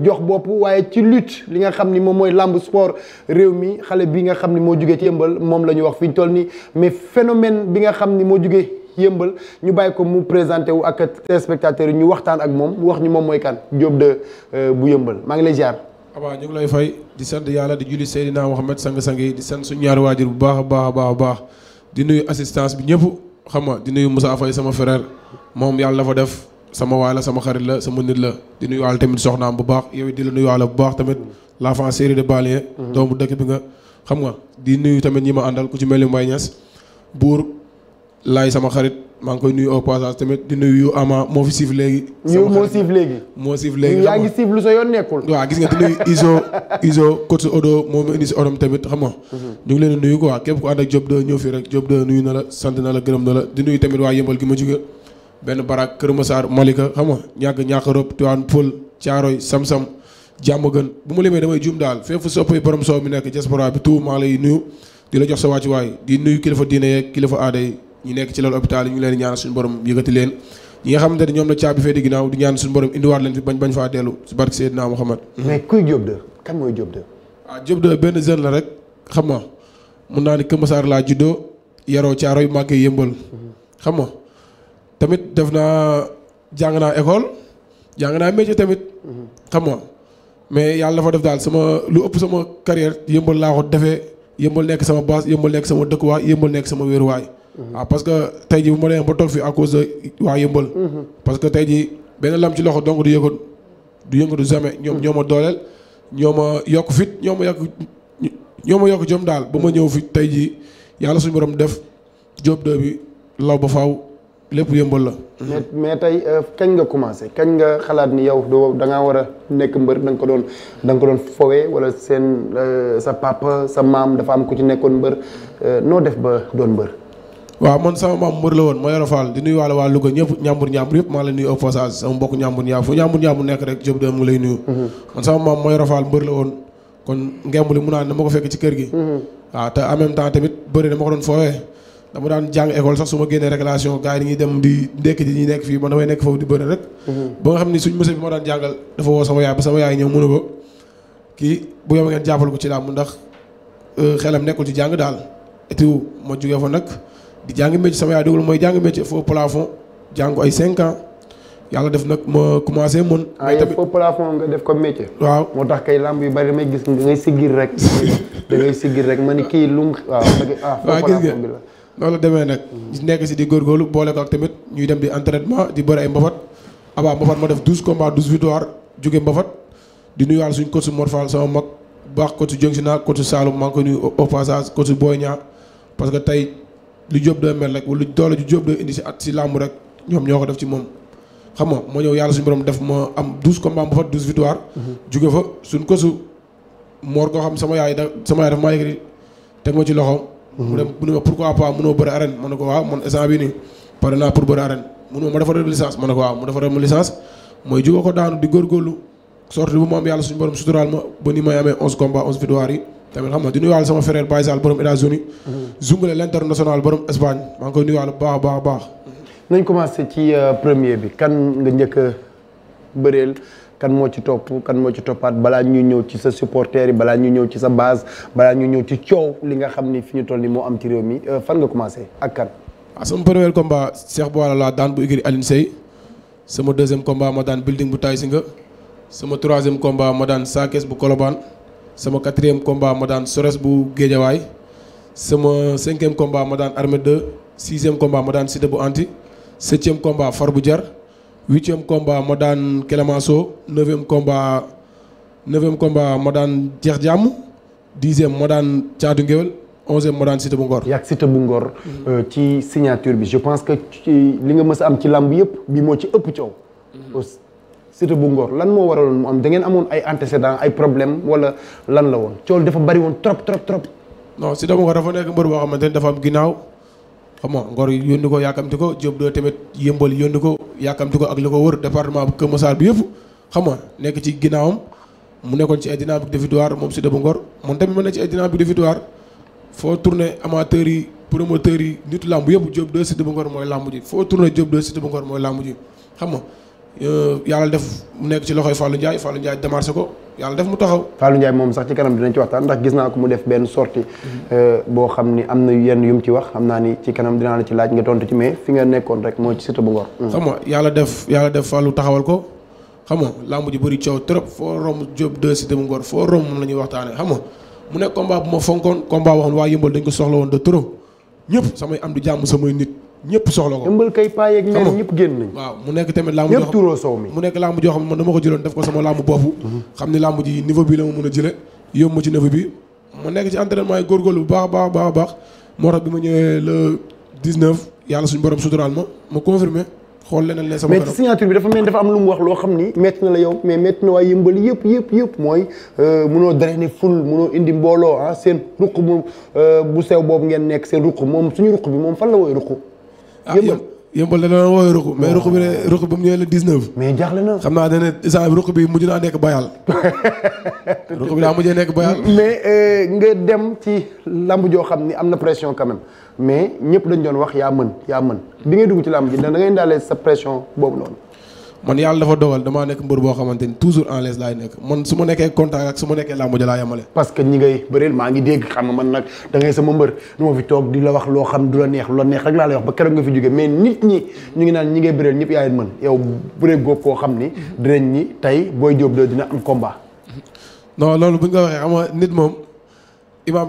jox bopp waaye ci lutte li nga xam ni moom mooy lamb sport réew mi xale bi nga xam ni moo jugee ci yëmbal moom la ñu wax fi ñu toll nii mais phénomène bi nga xam ni moo jugee yëmbal ñu bàyyi ko mu présenté wu ak téléspectateurs yi ñu waxtaan ak moom wax ñu moom mooy kan Diop de euh, bu yëmbal maa ngi lay ziar. abaa ñu ngi lay fay di sant yàlla di julli Seydina Mohamed sang-sang yi di sant suñu ñaari waajur bu baax a baax a baax a baax di nuyu assistance bi ñëpp xam nga di nuyu Moussa Faye sama frère moom yàlla dafa def sama waay la sama xarit la sama nit la di nuyuwaale tamit soxnaam bu baax yow di la nuyuwaale bu baax tamit l'enfant série de banlieue mhm. doomu dëkk bi nga xam nga di nuyu tamit ñi ma àndal ku ci mel ni Mbaye Niass buur laay sama xarit maa ngi koy nuyu au tamit di nuyu yu moo fi siif léegi moo siif léegi moo siif léegi yaa ngi siif lu sa yoon nekkul gis nga di nuyu iso iso coach odo moo mu indi si odom tamit xam nga mhm. ñu ngi leen di nuyu quoi képp ku ànd ak Diop 2 ñëw fii rek Diop 2 nuyu na la sant na la gërëm na la di nuy tamit waa yëmbal gi ma jóge benn barak Kër Massar Malika xam nga ñàkk ñàkk Rob Tivaouane Pël Thiaroy Samsam Diamaguène bu ma limee damay juum daal fu soppay borom soow mi nekk diaspora bi tout maa lay nuyu di la jox sa wàccuwaay di nuyu kilifa diine yeeg kilifa aada yi ñu nekk ci la loolu hôpital yi ñu leen ñaanal suñu borom yëkkati leen ñi nga xamante ne ñoom la caabi fee di ginnaaw di ñaan suñu borom indiwaat leen fi bañ bañ faa dellu si barke Seydina Muhammad mais kuy Diop mooy Diop de ah Diop de benn jeune la rek xam nga mun naa ni Kër Massar laa juddoo yaroo Thiaroy màggee yëmbal mhm. xam nga tamit def naa jàng naa école jàng naa métier tamit. xam nga mais yàlla dafa def daal sama lu ëpp sama carrière yëmbal laa ko defee yëmbal nekk sama base yëmbal nekk sama dëkkuwaay yëmbal nekk sama wéeruwaay. waaw mhm. ah, parce que tey jii bu ma demee ba toog fii à cause de waa yëmbal. Mhm. parce que tey jii benn lam ci loxo donc du yëngu du yëngu du ñoom mhm. ñoo ma dooleel ñoo ma yokk fit ñoo ma yokk ñoo ma yokk jom daal ba ma ñëw fit tey jii yàlla suñu borom def job de bi law ba faaw. lépp yëmbal la. mais tey euh, kañ nga commencé kañ nga xalaat ni yow doo da war a nekk mbër da ko doon da nga ko doon fowee wala seen euh, sa papa sa maam dafa am ku ci nekkoon mbër euh, noo def ba doon mbër. waaw man sama maam mbër la woon ma yoro Fall di nuyu waale waa Louga ñëpp ñàmbur ñàmbur nekk rek Diop de mu lay nuyu. Mhm. man mbër la woon kon ngemb li mu naan dama ko fekk ci kër gi. Mhm. waaw te en tamit bëri dama ko doon fowee dama daan jàng école sax su ma génnee récréation gars yi dañuy dem di ndekki di ñuy nekk fii nekk foofu di bëri rek. Mhm. ba nga xam ni suñ monsieur bi ma daan jàngal dafa woo sama yaay ba sama yaay ñëw mënu ba kii bu yow ngeen jàppal ko ci làmb ndax euh, xelam nekkul ci jàng daal et puis ma jugee fa nag di jàng métier sama yaay déglu mooy jàng métier faux plafond jàngu ay 5 ans yàlla def nag ma commencé mën. ay ah, faux nga def ko métier. waaw moo tax kay làmb yu bari may gis da ngay sigir rek. da ngay rek ma ni kii lu mu waaw ah loolu demee nag ñu nekk si di góorgóorlu boole ko ak tamit ñuy dem di entraînement di bëri ay mbafat abaa mbafat ma def 12 combats 12 victoire jóge di nuyuwaal suñ coach Mor Fall sama baax coach Dieng si naa coach Saloum maa ngi ko nuyu au passage coach parce que tey lu Jóob doo mel rek wala doole ju Jóob indi si at si làmb rek ñoom ñoo ko def ci moom xam nga ma ñëw yàlla suñu borom def ma am 12 combats mbafat 12 victoire mhm. jóge fa suñ coach Mor koo xam sama yaay da sama yaay daf maa yëkkati teg ma ci loxoom mu ne mu ne ma pourquoi pas mënoo bëri arène ma ne ko waaw man instant bii nii pare naa pour bëri arène mu ne ma dafa doon licence ma ne ko waaw mu dafa doon licence mooy juba ko daanu di góorgóorlu sorti bu ma am yàlla suñu borom suturaal ma ba ni may amee onze combats onze victoires tamit xam nga di nuyuwaale sama frère Baye Sall borom États-Unis mhm. zungale l'international borom Espagne maa ngi koy nuyuwaale bu baax a baax a baax nañ commencé ci euh, premier bi kan moo ci topp kan moo ci toppaat balaa ñu ñëw ci sa supporter yi balaa ñuy ñëw ci sa base balaa ñu ñëw ci coow li nga xam ni fi ñu toll ni moo am ci réew mi euh, fan nga commencé ak kan waaw ah, sama premier combat Cheikh Bouwala laa daan bu igri sama deuxième combat ma daan building bu Tay Singa sama troisième combat ma daan Sakes bu Kolobaan sama quatrième combat ma daan Sores bu Géejawaay sama cinquième combat ma daan Armée 2 sixième combat ma daan Cité bu Anti septième combat Far bu Jar huitième combat ma daan Clémenceau neuvième combat neuvième combat ma daan Jeex Jàmm dixième ma daan Caatu Ngéwél onzième ma daan Cité bu Ngor. yàgg Cité bu Ngor. Euh, ci signature bi je pense que li nga mës a am ci làmb yëpp bi moo ci ëpp coow. Cité bu Ngor lan moo waraloon mu am da ngeen amoon ay antécédents ay problèmes wala lan la woon cool dafa bari woon trop trop trop. non Cité bu Ngor nekk mbër boo xamante ni dafa am ginnaaw. xam nga Ngor yónni ko yàkkamti ko Diop doo tamit yëmbal yónni ko yàkkamti ko ak li ko wër département bu Kër Massar bi yëpp xam nga nekk ci ginnaawam mu nekkoon ci ay dynamique de victoire moom Siteu bu Ngor moom tamit mën na ci ay dynamique de victoire foo tourné amateurs yi promoteurs yi nit lamb yëpp Diop doo Siteu bu Ngor mooy làmb ji foo tourné Diop doo Siteu bu Ngor mooy làmb xam nga Euh, yàlla def mu nekk ci loxoy Fallou Ndiaye Fallou Ndiaye démarché ko yàlla def mu taxaw. Fallou Ndiaye moom sax ci kanam dinañ ci waxtaan ndax gis naa ko mu def benn sortie euh, boo xam ni am na yenn yu mu ci wax xam naa ni ci kanam dinaa la ci laaj nga tontu ci mais fi nga nekkoon rek moo ci Siteu bu Ngor. xam nga def yàlla def taxawal ko xam nga làmb ji bëri coow trop foo romb Diop 2 Siteu bu Ngor foo moom la ñuy waxtaanee xam mu nekk combat bu ma fonkoon combat boo waa Yëmbal dañ ko soxla woon de trop ñëpp samay am di jàmm samay nit ñëpp soxla ko ëmbal kay paayeeg meen ñëpp génn nañ waaw mu nekk tamit làmb ñëpp turoo soow mi mu nekk làmb joo xam ne man dama ko jëloon def ko sama ni làmb ji niveau bi jële yóbbu bi mu nekk ci entraînement yi bu baax baax baax baax moo tax bi ma ñëwee le 19 yàlla suñu borom suturaal ma ma confirmé xool leneen ne sama mais signature bi dafa mel dafa am lu mu wax loo xam ni métti na la yow mais métti na waaye yëmbal yëpp yëpp yëpp mooy euh, munoo drainer ful munoo indi mbooloo ah seen ruq mu euh, bu sew boobu ngeen nekk seen ruq moom suñu ruq bi moom fan la wooy ruq Ah, yëmbal yëmbal da doon woowee ruq mais ruq bi ne ruq bi mu ñëwee le 19. mais jaaxle na. xam naa ne isaan ruq bi mujj naa nekk bayal. ruq bi daa mujjee nekk bayal. mais euh, nga dem ci lamb joo xam ni am na pression quand mais ñëpp dañ doon wax yaa mën yaa mën bi ngay dugg ci lamb ji da ngay indaale sa pression boobu noonu. man yàlla dafa dogal damaa nekk mbër boo xamante toujours en l'aise laay nekk man su ma nekkee contact ak su ma nekkee làmb ja laa yemale parce que ñi maa ngi dégg xam nga man nag da sama mbër du ma fi toog di la wax loo xam du la neex lu la neex rek laa lay wax ba keroog nga fi jóge mais nit ñi ñu ngi naan ñi ngay bëreel ñëpp yaay mën yow bëree góob koo xam ni dinañ ñi tey booy jóob doo dina am combat loolu bu ñu waxee xam nit moom imaam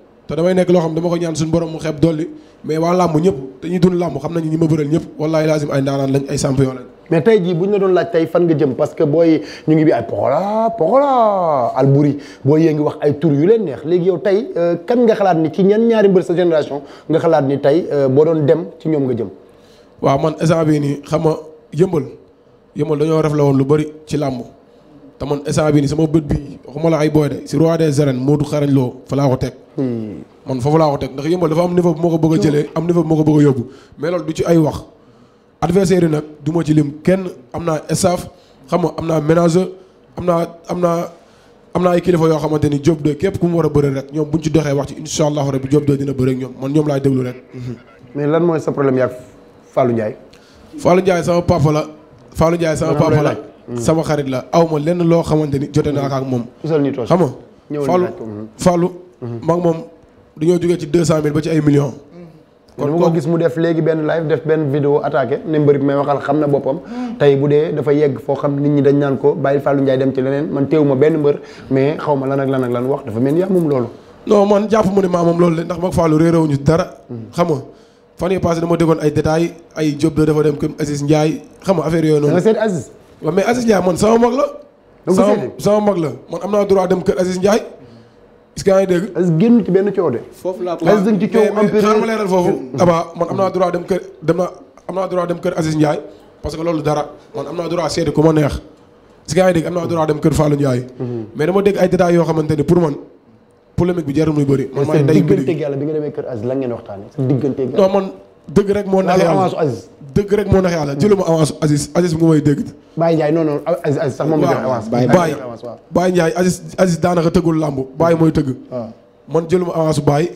te damay nekk loo xam dama ko ñaan suñu borom mu xeeb dolli mais waa làmb ñëpp dañuy dund làmb xam nañu ñi ma bëral ñëpp wallahi tey jii bu ñu doon laaj tey fan nga jëm que booy ñu ngi bi ay poxola poxola alburi booy yee ngi wax ay tur yu leen neex léegi yow tey euh, kan nga xalaat ni ci ñan ñaari mbër sa génération nga xalaat ni tey euh, boo doon dem ci ñoom nga jëm waaw man instant bii nii xam nga yëmbal yëmbal dañoo ref la woon lu bëri ci làmb te man instant bii nii sama bët bi waxuma la ay booy de si roi des arènes Modou xarañ loo fa laa ko teg Hmm. man foofu laa ko teg ndax yëmbal dafa am niveau bu ma ko bëgg a jëlee am niveau bu ma ko bëgg a yóbbu mais loolu du ci ay wax adversaire yi nag du ma ci lim kenn am naa staff xam nga am naa ménageur am naa am naa am naa ay kilifa yoo xamante ni Diop képp ku mu war a bëre rek ñoom buñ ci wax ci incha allahu rabi Diop 2 dina hmm. lan mooy sa problème yaag Fallou Ndiaye. Fallou Ndiaye sama papa la. Fallou Ndiaye sama papa la hmm. sama xarit la aw ma lenn loo xamante ni jote naa ak moom. xam nga Fallou Mm-hmm. ma ak moom ñoo jógee ci deux cent mille ba ci ay millions. Mm-hmm. kon mu ko gis mu def léegi benn live def benn vidéo attaqué ne mbër may waxal xam na boppam. Mm-hmm. tey bu dee dafa yegg foo xam nit ñi dañ naan ko bàyyi Fallou Ndiaye dem ci leneen man teewuma benn mbër mais xaw ma lan ak lan ak lan wax dafa mel ni yaa moom loolu. non man jàpp mu ne maa moom loolu ndax mag Fallou réeréwuñu dara. xam nga fan yii passé dama déggoon ay détails ay job da dafa dem kër Aziz Ndiaye xam affaire yooyu noonu. da nga seet Aziz. waaw mais Aziz Ndiaye man la. sama mag la man am naa droit dem kër Ndiaye si ce ngi dégg. génn benn coow de. foofu laa ko waaw mais xaaral ma leeral foofu. Aba man am naa droit dem kër dem naa parce que loolu dara man am naa droit seede ku ma mhm. mais dama dégg ay détails yoo xamante ne pour man polémique bi jarul muy bëri. man maa ngi day mbiri digganteeg yàlla bi nga demee kër Aziz lan ngeen waxtaanee. man dëgg rek moo neex yàlla dëgg rek moo tax yàlla jëluma avance Aziz Aziz mu daanaka tëggul làmb Baye mooy tëgg. man jëluma avance su Baye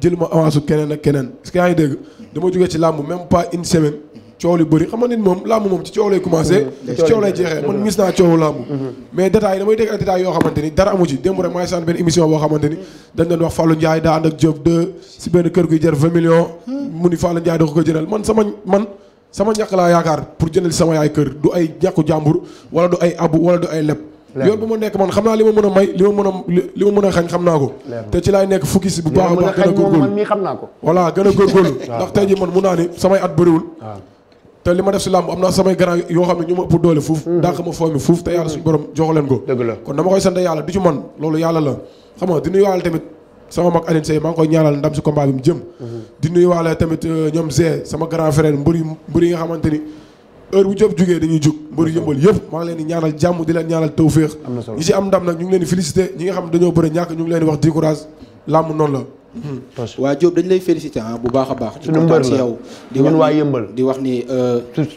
jëluma avance su keneen ak keneen est-ce ngi dégg. dama jógee ci làmb même pas une semaine. coow lu bëri xam nit moom làmb moom ci coow lay commencé. Mm-hmm. ci coow lay jeexee man mm-hmm. mis naa coowu làmb. Mm-hmm. mais détails damay dégg ay détails yoo xamante ni dara amu ci démb rek maa ngi seetlu benn émission boo xamante dañ doon wax Fallou Ndiaye daa ak Diop 2 si benn kër guy jar 20 millions. mu ni Fallou Ndiaye sama man. sama ñàkk laa yaakaar pour jëndal sama yaay kër du ay ñàkku jàmbur wala du ay abu wala du ay leb yoon bu ma nekk man xam naa li ma mën a may li ma mën a a xañ xam naa ko te ci laay nekk fukki si bu baax a gën a góorgóorlu xam naa ko voilà gën a góorgóorlu ndax tey ji man mun naa ni samay at bëriwul te li ma def si làmb am naa samay grand yoo xam ne ñu ma ëpp doole fuuf hmm. dàq ma foo mi fuuf te yàlla suñu borom jox leen ko kon dama koy sant yàlla du ci man loolu yàlla la xam nga di nuyu yàlla tamit sama mag Alioune Seye maa ngi koy ñaanal ndam si combat bi mu jëm. Mhm. di nuyuwaale tamit euh, ñoom Zé sama grand frère mbër yi mbër yi nga xamante ni heure bu jóg jugee dañuy jug mbër yëmbal yëpp maa ngi leen di ñaanal jàmm di leen ñaanal tawféex. ñi si am ndam nag ñu ngi leen di félicité ñi nga xam dañoo bëri ñàkk ñu ngi leen wax di courage làmm noon la waa Diop dañ lay féliciter ah bu baax a baax. suñu mbër la di kontaan si di wax waa yëmbal di wax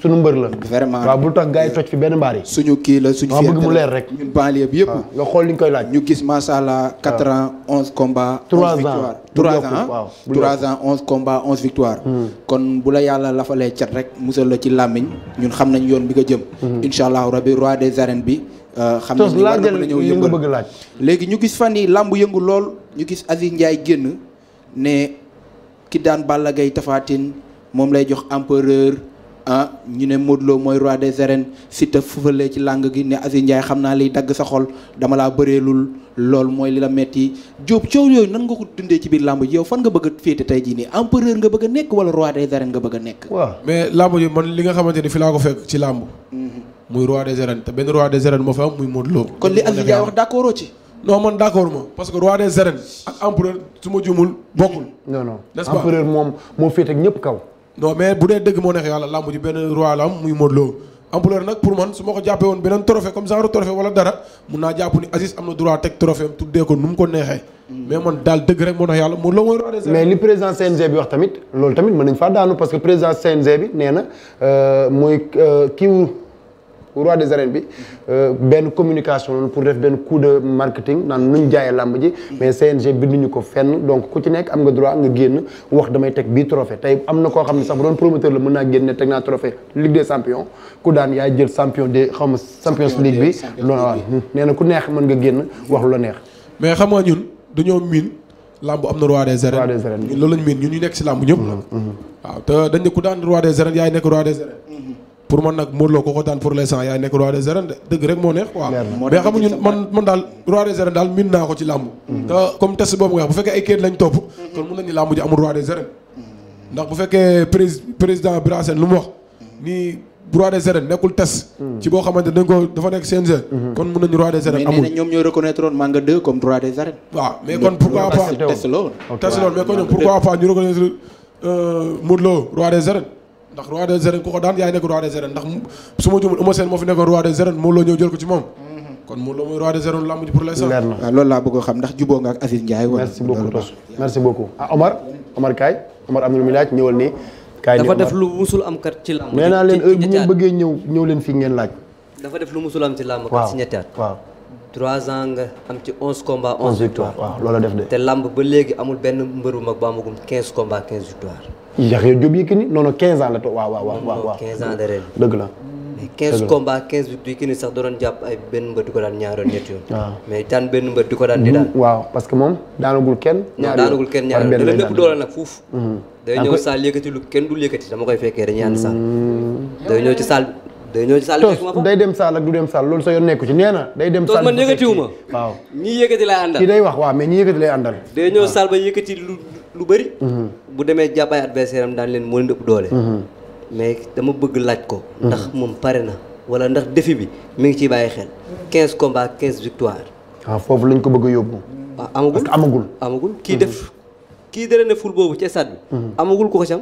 mbër la. vraiment waaw bu tax gars yi toj fi benn mbaar yi. suñu kii la suñu. fierté bëgg mu leer rek ñun banlieue yëpp. xool li ñu koy laaj. ñu gis macha allah 4 ans 11 combats. 3 ans 3 ans 3 ans 11 combats 11 victoires. Hmm. kon bu la yàlla lafalee cat rek musal la ci làmmiñ ñun xam nañ yoon bi nga jëm. Hmm. incha allah rabi roi des arènes bi. Euh, xam nañ ni war na ñëw a bëgg laaj léegi ñu gis fan yi làmb yëngul lool ñu gis Aziz Ndiaye génn ne ki daan Balla Gaye Tapha Tine moom lay jox empereur ah ñu ne Modou Lo mooy roi des arènes Siteu fufalee ci làng gi ne Aziz Ndiaye xam naa liy dagg sa xol dama laa bëreelul lool mooy li la metti Diop coow yooyu nan nga ko dundee ci biir làmb ji yow fan nga bëgg a féete tey jii nii empereur nga bëgg nekk wala roi des arènes nga bëgg nekk. mais làmb ji man li nga xamante ni fi laa ko fekk ci làmb. Mm-hmm. muy roi des arènes te benn roi des arènes moo fa am muy Modou ci. non man d' accord ma parce que roi des arènes ak empereur su ma juumul bokkul. non non pas empereur moom moo féete ak ñëpp kaw. non mais bu dee dëgg moo neex yàlla làmb ji benn roi la am muy Modou Lo empereur nag pour man su ma ko jàppee woon beneen trophée comme genre trophée wala dara mun naa jàpp ni Aziz am na droit teg trophée tuddee ko nu mu ko neexee. mais man daal dëgg rek moo tax yàlla Modou Lo mooy roi des arènes. mais li président CNG bi wax tamit nee na euh, mooy euh, kiiwu roi des arènes bi euh, benn communication loonu pour def benn coup de marketing naan nuñ jaayee làmb ji mais CNG binduñu ko fenn donc ku ci nekk am nga droit nga génn wax damay teg bii trophée tey am na koo xam ne sax bu doon promoteur la mën naa génne teg naa trophée Ligue des champions ku daan yaay jël champion des xaw ma champions league bi loolu ku neex mën nga génn wax lu la neex mais xam nga ñun dañoo miin làmb am na roi des arènes loolu lañ miin ñun ñu nekk pour man nag Modou Lo ko ko daan pour l'instant yaay nekk roi des arènes de dëgg rek moo neex quoi mais xamu ñun man man daal roi des arènes daal min naa ko ci làmb mm-hmm. te comme test boobu nga wax bu fekkee ay kayit lañ topp mm-hmm. kon mun nañu làmb ji amul roi des arènes mm-hmm. ndax bu fekkee président Birasène lu mu wax nii roi des arènes nekkul test ci boo xamante dañ ko dafa nekk CNG kon mun nañu roi des arènes amul mais ñoom ñoo reconnaître woon Manga 2 comme test loolu mais ndax roi des arènes ku ko daan yaay nekk roi des arènes ndax su ma jumul Eumeu Sène moo fi nekkoon roi des arènes moo loo ñëw jël ko ci moom kon moo loo mooy roi des arènes lamb ji pour l'instant waaw loolu laa bëgg a xam ndax juboo nga ak Aziz Ndiaye merci beaucoup ah Omar Omar Kaay Omar am na lu muy laaj ñëwal nii Kaay dafa def lu musul am kat ci lamb nee naa leen heure bu ngeen ñëw ñëw leen fii ngeen laaj dafa def lu musul am ci lamb kat si ñetti at trois ans nga am ci onze a onze victoires te lamb ba léegi amul benn mbër bu mag ba amagum quinze combats quinze victoires. Yaxya Diop Yékini non non quinze ans la to quinze ans de ren dëgg la. mais 15 combats 15 victoires sax da doon jàpp ay benn mbër di ko daan ñaaroon ah. mm, waaw parce que moom daanagul kenn. ñaari daanagul kenn ñaari yoon da leen lépp nag fuuf. Mm-hmm. day ñëw saal yëkkati lu kenn du yëkkati dama koy fekkee dañuy ànd saal. Mm-hmm. day saal day ñëw ci day dem saal ak du dem saal loolu sa yoon nekku ci nee na day dem saal man yëkkatiwuma waaw ñii yëkkati lay àndal kii day wax waaw mais ñii yëkkati lay àndal day ñoo saal ba yëkkati lu lu bëri mhm. bu demee jàppaay adversaire am daan leen moo leen ëpp doole mhm. mais dama bëgg laaj ko mhm. ndax moom pare na wala ndax defi bi mi ngi ciy bàyyi xel quinze combats quinze victoire waaw ah, foofu lañ ko bëgg a yóbbu ah, amagul amagul amagul kii def kii dara ne ful boobu ci stade amagul ko ko cam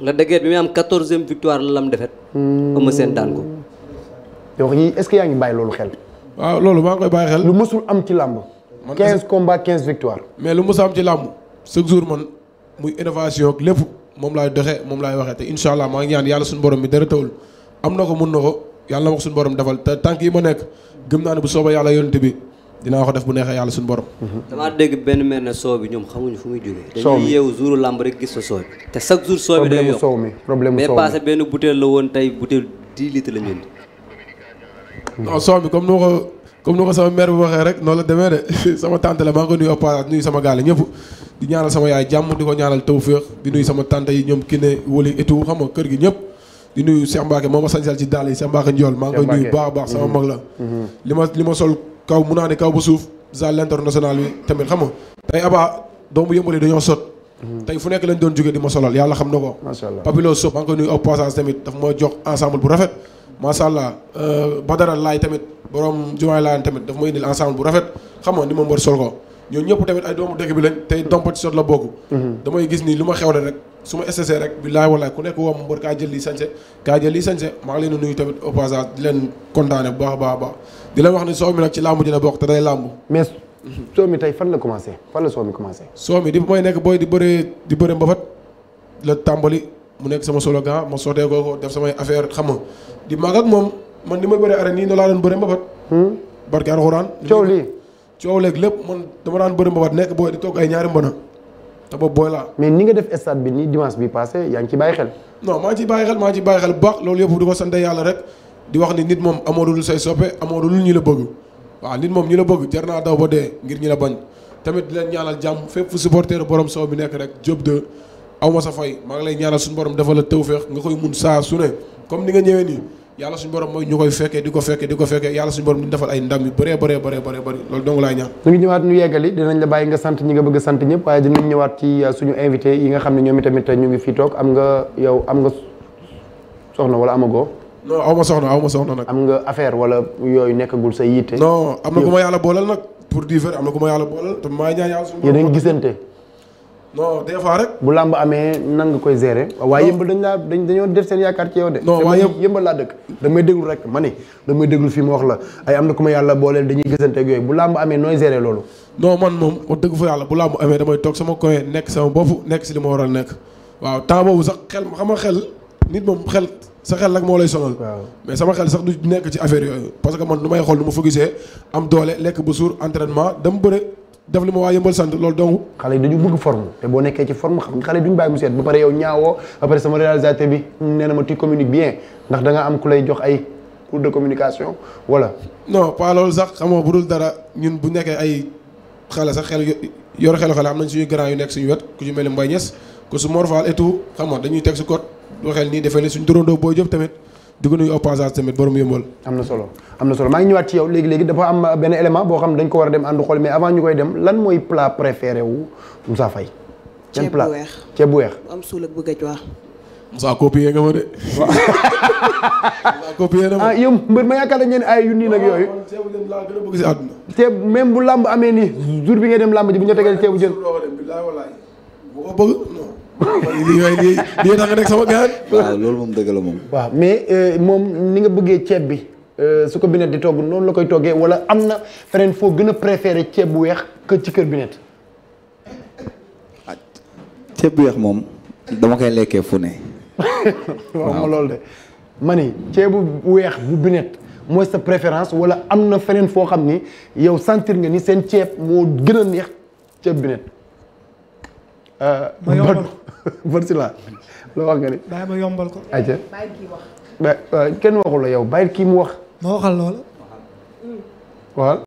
la dëggeet bi muy am quatorzième victoire la lam defet ma Sène daan ko. yow yi est yaa ngi bàyyi loolu xel. waaw loolu maa ngi koy bàyyi xel. lu masul am ci làmb. man 15 combats 15 victoires. mais lu mës am ci làmb chaque jour man muy innovation ak lépp moom laay doxe moom laay waxee te incha allah maa ngi ñaan yàlla suñu borom bi dara tawul am na ko mun na ko yàlla na wax suñu borom defal te tànk yi ma nekk gëm naa ne bu soobee yàlla yonent bi. dina ko def bu neexee yàlla suñu borom. damaa dégg benn mel ne soow bi ñoom xamuñu fu muy jógee. soow mi dañuy yeewu jouru làmb rek gis fa soow bi. te chaque jour soow bi benn butéel la woon tey butéel 10 litres la ñu indi. non comme ni ko comme noo ko sama mère bi waxee rek noo la demee de sama tante la maa ngi ko nuyu Opaas nuyu sama gaale ñëpp. di ñaanal sama yaay jàmm di ko ñaanal tawféex di nuy sama tante yi ñoom Kiné Woli et tout xam nga kër gi ñëpp. di nuyu Cheikh Mbacke moom ma sañsal ci daal yi Cheikh Mbacke Ndiol maa ngi koy nuyu baax baax sama mhm. mag kaw mun naa ne kaw ba suuf zal international bi tamit xam nga tey Aba doomu yëmbale dañoo sot mhm. tey fu nekk lañ doon jóge di ma solal yàlla xam na ko Papilo Sow maa ngi koy nuyu au tamit daf ma jox ensemble bu rafet macha allah euh, Badara laay tamit borom jumaay laan tamit daf ma indil ensemble bu rafet xam nga ni ma mbër sol ko ñooñu ñëpp tamit ay doomu dëkk bi lañ tey dompati sot la bokk mhm. damay gis ni lu ma xewle rek su ma ssc rek bi laay walaay ku nekk woo ma mbër kaa jël lii sañse kaa jël lii sañse maa ngi leen nuyu tamit au passage di leen kontaane bu baax a baax baax di leen wax ni soow mi nag ci làmb dina bokk te day làmb mais soow mi tey fan la commencé fan la soow mi commencé soow mi di may nekk booy di bëree di bëre mbapat la tàmbali mu nekk sama solo gaa ma sootee def samay affaire xam nga di mag moom man ni ma bëree arène nii noonu laa doon bëree mbapat hmm? barke alxuraan coow lii coow léegi lépp man dama daan bëri mbabat nekk booy di togg ay ñaari mbona te booy laa. mais ni nga def stade bi nii dimanche bi passé yaa ngi ci bàyyi xel. non maa ngi ci bàyyi xel maa ngi ci bàyyi xel bu baax loolu yëpp du ko sant yàlla rek di wax ni nit moom amoo dul say soppe amoo dul ñi la bëgg waaw nit moom ñi la bëgg jar naa daw ba dee ngir ñi la bañ tamit di leen ñaanal jàmm fépp fu supporter borom soow bi nekk rek job 2 aw ma sa fay maa ngi lay ñaanal suñu borom dafa la tawféex nga koy saa su ne comme ni nga ñëwee nii yàlla suñu borom mooy ñu koy fekkee di ko fekkee di ko fekkee la suñu borom di defal ay ndam yu bëree bëree bëree bëree bëri loolu dong laay ñaan ñu ngi ñëwaat ñu yeggali dinañ la bàyyi nga sant ñi nga bëgg a sant ñëpp waaye dinañ ñëwaat ci euh, suñu invité yi nga xam ne ñoom itamit ñu ngi fii toog am nga yow am nga soxna wala am nga affaire wala yooyu nekkagul sa yitte non am na ku ma yàlla boolal nag pour divers am na ku ma yàlla boolal te maa ñaan yàlla suñu non des fois rek. bu làmb amee nan nga koy gérer. waaye yëmbal dañ laa dañ dañoo def seen yaakaar ci yow de. non waaye yëmbal laa dëkk. damay déglu rek ma ne damay déglu fii mu wax la ay am na ku ma yàlla booleel dañuy gisante ak yooyu bu làmb amee nooy gérer loolu. non man moom wax dëgg fa yàlla bu làmb amee damay toog sama koy nekk sama bopp nekk si li ma war a nekk waaw temps boobu sax xel xam nga xel nit moom xel sa xel rek moo lay sonal. mais sama xel sax du nekk ci affaire yooyu parce que man nu may xool nu ma fa gisee am doole lekk bu suur entraînement dem bëre def li ma waa yëmbal sant loolu dong xale yi dañu bëgg forme te boo nekkee ci forme xam nga xale yi duñu bàyyi mu seet ba pare yow ñaawoo ba pare sama réalisateur bi nee na ma tu communiques bien ndax da am ku lay jox ay cours de communication wala non pas loolu sax xam nga bu dul dara ñun bu nekkee ay xale sax xel yor xelu xale am nañ suñu grand yu nekk suñu wet ku ci mel ni Mbaye Niass ku su Mor Fall et dañuy teg si code waxeel nii defee ni suñu turandoo booy tamit di ko nuyu au passage tamit borom yëmbal am na solo am na solo maa ngi ñëwaat ci yow léegi-léegi dafa am benn élément boo xam dañ ko war a dem ànd xool mais bu weex ceeb bu weex am suul ak nga ma de copier na ma ah yow mbër ay yu nii nag ah, yooyu a bëgg ceeb même bu làmb amee nii jour bi ngay dem làmb ji bu ñu tegeel ceebu jën bëgg lii waaye lii lii tax nga nekk sama gaan waaw loolu moom dëgg la moom. waaw mais euh, moom ni nga bëggee ceeb bi euh, su ko Binette di togg noonu la koy toggee wala am na feneen foo gën a préféré ceeb bu weex que ci kër Binette. ah ceeb bu weex moom dama koy lekkee fu ne. waaw wax ma loolu de ma ni ceebu weex bu Binette mooy sa préférence wala am na feneen foo xam ni yow sentir nga ni seen ceeb moo gën a neex ceeb Binette. Euh, ma yombal ko Barsila loo wax nga ni. bàyyi ma yombal ko. ayca bàyyi kii wax. ba euh, kenn waxul la yow bàyyi kii mu wax. ma waxal loola. waxal.